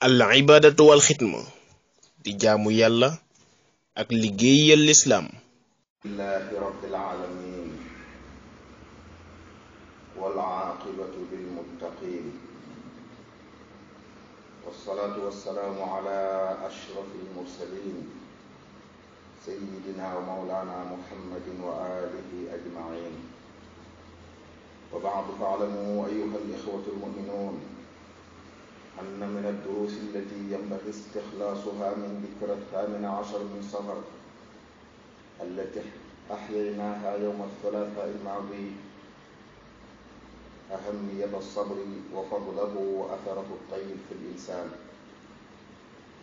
al ibadatu wal xidma di jaamu yàlla ak liggéeyal lislaam lillahi rabbil alamin wal aqibatu lil muttaqin wassalatu wassalaamu ala ashrafil mursalin sayyidina wa mawlana muhammadin wa alihi ajmain wa baadu faalamu ayuha al ixwatu al muminun أن من الدروس التي ينبغي استخلاصها من ذكرى الثامن عشر من صفر التي أحييناها يوم الثلاثاء الماضي أهمية الصبر وفضله وأثره الطيب في الإنسان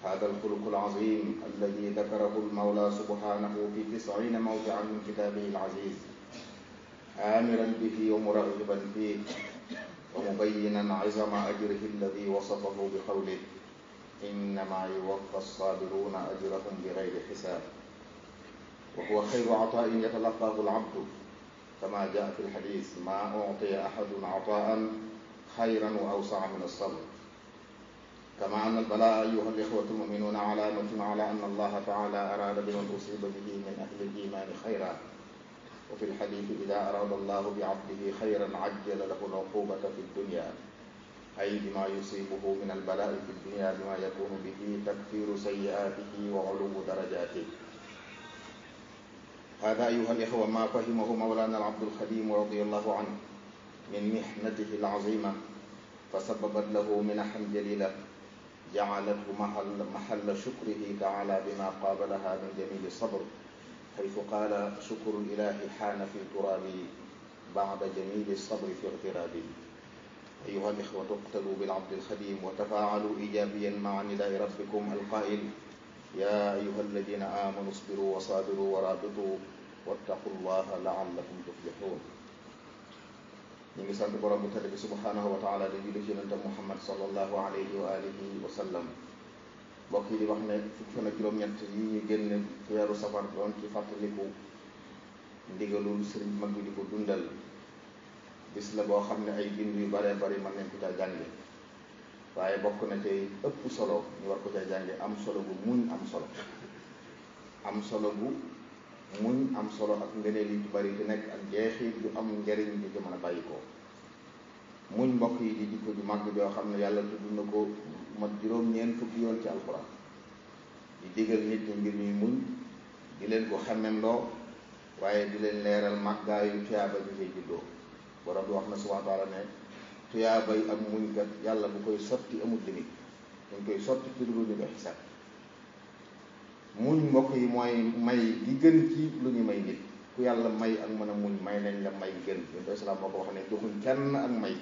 هذا الخلق العظيم الذي ذكره المولى سبحانه في تسعين موضعا من كتابه العزيز آمرا به ومرغبا فيه مبينا عظم أجره الذي وصفه بقوله إنما يوفى الصابرون أجرهم بغير حساب وهو خير عطاء يتلقاه العبد كما جاء في الحديث ما أعطي أحد عطاء خيرا وأوسع من الصبر كما أن البلاء أيها الإخوة المؤمنون علامة على أن الله تعالى أراد بمن أصيب به من أهل الإيمان خيرا وفي الحديث إذا أراد الله بعبده خيرا عجل له العقوبة في الدنيا أي بما يصيبه من البلاء في الدنيا بما يكون به تكفير سيئاته وعلو درجاته هذا أيها الإخوة ما فهمه مولانا العبد الخليم رضي الله عنه من محنته العظيمة فسببت له منحا جليلة جعلته محل, محل شكره تعالى بما قابلها من جميل الصبر حيث قال شكر الإله حان في ترابي بعد جميل الصبر في اغترابي أيها الإخوة اقتدوا بالعبد الخديم وتفاعلوا إيجابيا مع نداء ربكم القائل يا أيها الذين آمنوا اصبروا وصابروا ورابطوا واتقوا الله لعلكم تفلحون ñu ngi sant borom bu tedd bi subhanahu wa taala di julli ci yonentam Muhammad sallallahu alayhi wa alihi wa sallam mbokk yi di wax ne fukki fan ak juróom-ñett yi ñu génne ci weeru safar doon ci fàttaliku ndigalul sëriñ mag bi di ko dundal bis la boo xam ne ay bind yu baree bari mën nañ ko caa jànge waaye bokk na ci ëpp solo ñu war ko caa jànge am solo bu muñ am solo am solo bu muñ am solo ak ngëneel yi bari di nekk ak jeexit yu am njariñ di ci mën a bàyyi ko muñ mbokk yi di jikko ju màgg joo xam ne yàlla tudd na ko lu juróom-ñeent fukki yoon ci alxuraan di digal nit ñi ngir ñuy muñ di leen ko xemmemloo waaye di leen leeral màggaayu tuyaaba ñu fay juddoo borom bi wax na subhaana taala ne tuyaabay ak muñkat yàlla bu koy sotti amul limit dañ koy sotti ci lu ñu ko xisaab muñ mbokk yi mooy may di gën ci lu ñu may nit ku yàlla may ak mën a muñ may nañ la may gën yonent islaam moo ko wax ne joxuñ kenn ak may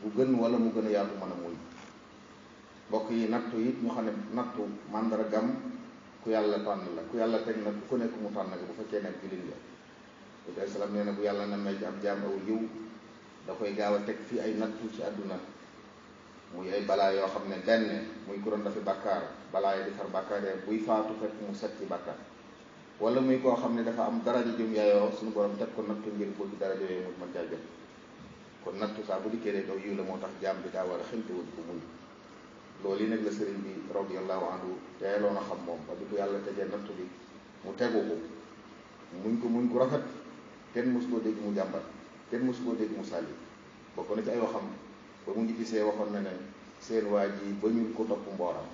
bu gën wala mu gën a yàlla mën a muñ bokk yi nattu it ñu xam ne nattu màndargam ku yàlla tànn la ku yàlla teg na ku nekk mu tànn nga bu fekkee nekk jullit la Yonent bi bu yàlla na may ci ab jaam aw yiw teg fii ay nattu ci àdduna muy ay balaa yoo xam ne benn muy ku doon dafi bàkkaar balaa yi di far bàkkaar buy faatu fekk mu set ci bàkkaar wala muy koo xam ne dafa am daraja jëm yaayoo suñu borom teg ko nattu ngir bëgg daraja yooyu mu mën caa kon nattu saa bu dikkee dee la moo tax jaam bi daa war a xënte wut ko loolu yi nag la sëriñ bi radiyallahu anhu teeloon a xam moom ba di ko yàlla tegee nattu bi mu tegu ko muñ ko muñ ko rafet kenn mos koo dégg mu jàmbat kenn mos koo dégg mu sàlli bokk na ci ay mu ngi gisee waxoon na ne seen waa ji ba ko topp mbooram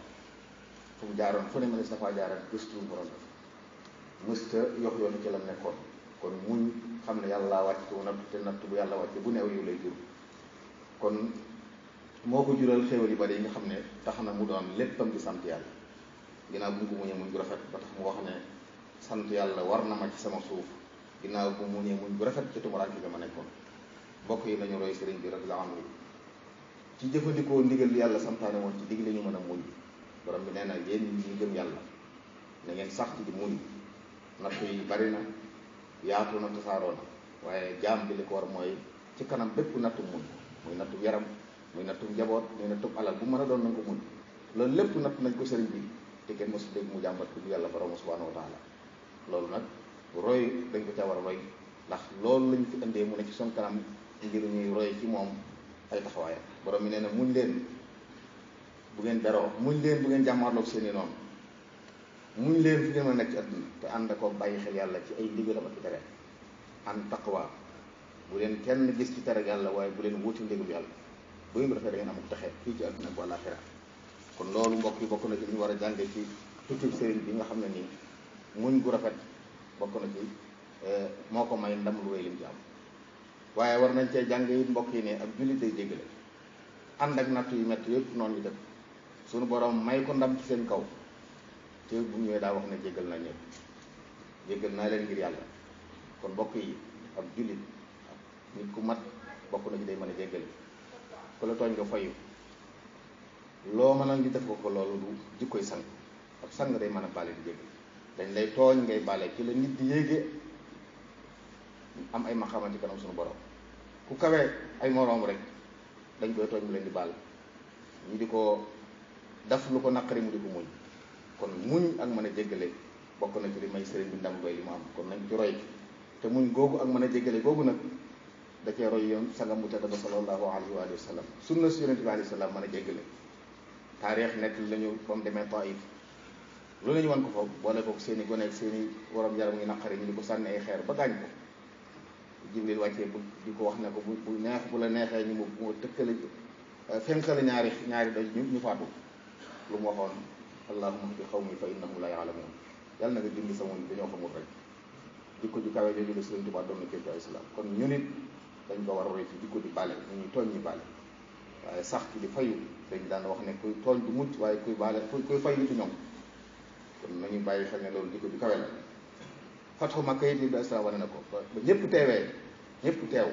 fu mu jaaroon fu ne ma ne safaa jaaroon gëstu borom mësta yox yoonu ci la nekkoon kon muñ xam ne yàlla wàcc ko nattu te nattu bu yàlla wàcc bu neew yu lay jur kon moo ko jural xéwal yi bari yi nga xam ne tax na mu doon léppam di sant yàlla ginnaaw bu mu ko muñee muñ bu rafet ba tax mu wax ne sant yàlla war na ma ci sama suuf ginnaaw bu mu muñee muñ bu rafet ci tumuraanke ga ma nekkoon bokk yi nañu roy sëriñ bi rek la am ci jëfandikoo ndigal yàlla santaane woon ci digle ñu mën a muñ borom bi nee na yéen ñi gëm yàlla na ngeen sax ci di muñ natt yi bari na yaatu na tasaaroo na waaye jaam bi li ko war mooy ci kanam bépp nattu muñ muy nattu yaram muy nattum njaboot muy nattum alal bu mën a doon na ko muñ loolu lépp natt nañ ko sëriñ bi te kenn mosu dégg mu jàmbat ku du yàlla borom subhanahu wa taala loolu nag roy dañ ko ca war a roy ndax loolu lañ fi indee mu ne ci son kanam ngir ñuy roy ci moom ay taxawaayam borom mi nee na muñ leen bu ngeen beroo muñ leen bu ngeen jàmmaarloog seen i noonu muñ leen fi ngeen mën nekk ci àdduna te ànd ko bàyyi xel yàlla ci ay ndigalam ak tere an taqwa bu leen kenn gis ci tere yàlla waaye bu leen wuti ndigal yàlla bu ngeen rafet da ngeen amuk taxe fii ci àdduna ak wàllaaxira kon loolu mbokk yi bokk na ci ñu war a jànge ci tutub sëriñ bi nga xam ne nii muñ gu rafet bokk na ci eh, moo ko may ndam lu wéy lim war nañ cee jàng mbokk yi ne ak jullit day jéggale ànd ak natt yu metti yëpp noonu ñu def suñu borom may ko ndam ci seen kaw te bu ñëwee daa wax ne jéggal naa ñëpp naa leen ngir yàlla kon mbokk yi ab jullit nit ku mat bokk na ci day mën a jéggale ku la tooñ nga fayu loo mën a di def ko ko loolu du jikkoy sang ab sang day mën a bale di jégg dañ lay tooñ ngay bale ci la nit di yéege am ay maxamante ci kanam suñu borom ku kawee ay moroom rek dañ koy tooñ mu leen di baal ñu di ko daf lu ko naqari mu di ko muñ kon muñ ak man a jéggale bokk na ci li may sëriñ bi ndam doy li mu am kon nañ ci roy te muñ googu ak mën a jéggale googu nag da cee roy yoon sangam bu tedd ba sallallahu alayhi wa sallam sunna si yonente bi alayhi salaam mën a jéggale taarix nekk lañu ba mu demee Taif lu nañu wan ko fa boole ko seen i gone ak seen i waram ñu di ko sànni xeer ba gaañ ko jibril wàccee bu di ko wax ne ko bu bu neex bu la neexee ñu mu mu tëkkale euh, fenkale ñaari ñaari doj ñu ñu faatu lu mu waxoon allahumma xaw xawmi fa innahum la yaalamuun yàlla na nga dindi sama dañoo xamul rek jikko ju kawe jooju la sëriñ Tuubaa doon na képp ay islam kon ñu nit dañ ko war a roy ci jikko di baale ñu ñuy tooñ ñu baale waaye sax ci di fayu dañ daan wax ne kuy tooñ du mucc waaye kuy baale kuy kuy fayu ci ñoom kon nañu bàyyi xel ne loolu jikko di kawe la fatxu Makka it ni bi islam wane na ko ba ñëpp teewee ñëpp teew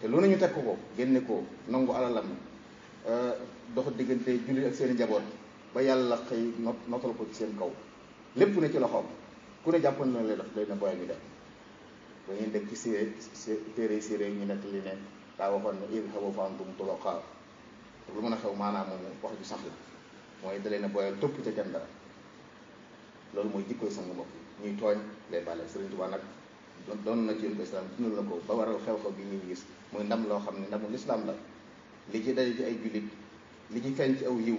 te lu ñu teg ko génne ko nangu alalam euh, dox diggante jullit ak seen i njaboot ba yàlla xëy not notal ko ci seen kaw lépp ne ci loxoom ku ne jàppoon na lay def day ñu def ba ñuy dëkk siré téere siré ñu nekk li ne daa waxoon ne idhabu fa antum tulaqaa lu mën a xew maanaam moom wax ju sax la mooy dalee na booyal topp ca kenn dara loolu mooy jikkoy sang mbokk ñuy tooñ lay bàlle Sëriñ Tuubaa nag doon na ci yoon ko islam na ko ba waral xew-xew bi ñuy gis muy ndam loo xam ne ndamu lislaam la li ci daje ci ay jullit li ci feeñ ci aw yiw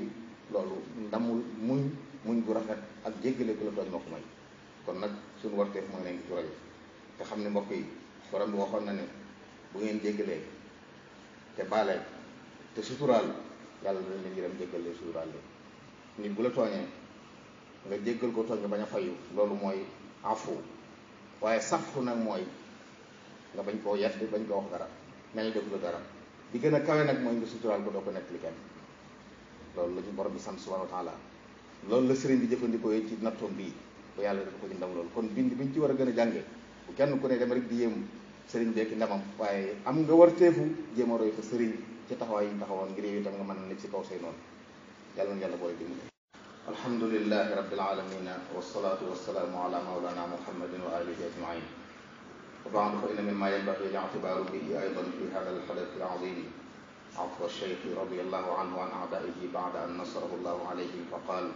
loolu ndamul muñ muñ bu rafet ak jéggale ku la tooñ moo ko may kon nag suñu warteef mooy nañ ci roy te xam ne mbokk yi borom bi waxoon na ne bu ngeen jéggalee te baale te suturaal yàlla dana leen yërëm jéggal leen suturaal leen nit bu la tooñee nga jéggal ko tooñ nga bañ a fayu loolu mooy afu waaye safu nag mooy nga bañ koo yedd bañ koo wax dara mel ni def dara di gën a kawe nag mooy nga suturaal ko doo ko nekk li kenn loolu la ñu borom bi sant subhanahu wa taala loolu la sëriñ bi jëfandikoo ci nattoom bii ba yàlla dafa ko ci ndam loolu kon bind bi ñu ci war a gën a jàngee kenn ku ne dem rek di yéemu sëriñ bi ak ndamam waaye am nga war teefu jéem a roy fa sëriñ ci taxawaay yi taxawoon ngir yow itam nga mën a nekk ci kaw say noonu yàlla na yàlla boole dimbali alhamdulilahi rabbil alamina wasalaatu wasalaamu ala mawlana muhammadin wa alihi ajmain wa baadu fa inna mimma yanbaghi al-i'tibaru bihi aydan fi hadha al-hadath al-azim afwa ash-shaykh radiyallahu anhu an a'da'ihi ba'da an nasarahu llahu alayhim fa qala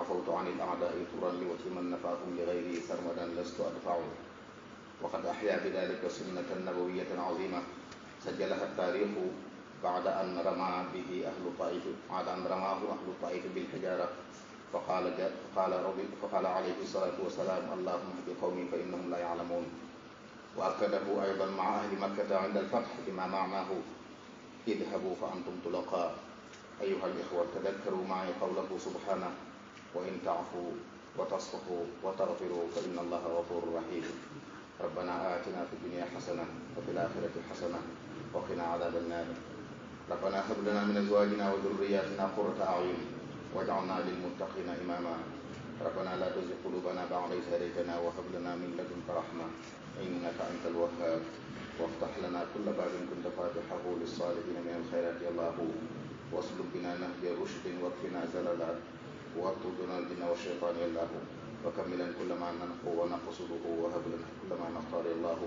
afawtu an al-a'da'i turan li wa man nafa'ahum li ghayri sarmadan lastu adfa'u وقد أحيا بذلك سنة نبوية عظيمة سجلها التاريخ بعد أن رمى به أهل الطائف بعد أن رماه أهل الطائف بالحجارة فقال فقال ربي فقال عليه الصلاة والسلام اللهم اهد قومي فإنهم لا يعلمون وأكده أيضا مع أهل مكة عند الفتح بما معناه اذهبوا فأنتم طلقاء أيها الإخوة تذكروا معي قوله سبحانه وإن تعفوا وتصفحوا وتغفروا فإن الله غفور رحيم ربنا آتنا في الدنيا حسنة وفي الآخرة حسنة وقنا عذاب النار ربنا هب لنا من أزواجنا وذرياتنا قرة أعين واجعلنا للمتقين إماما ربنا لا تزغ قلوبنا بعد إذ هديتنا وهب لنا من لدنك رحمة إنك أنت الوهاب وافتح لنا كل باب كنت فاتحه للصالحين من الخيرات يا الله واسلك بنا نهج رشد واكفنا زللا واطردنا الجن والشيطان يا الله وكملا كل ما ننحو ونقصده وهب لنا كل ما نختار الله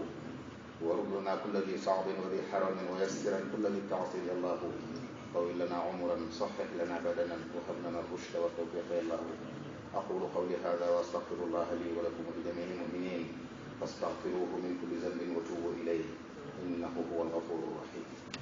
وردنا كل ذي صعب وذي حرم ويسرا كل ذي تعصي الله طول لنا عمرا صحح لنا بدنا وهب لنا الرشد والتوفيق يا الله أقول قولي هذا وأستغفر الله لي ولكم ولجميع المؤمنين فاستغفروه من كل ذنب وتوبوا إليه إنه هو الغفور الرحيم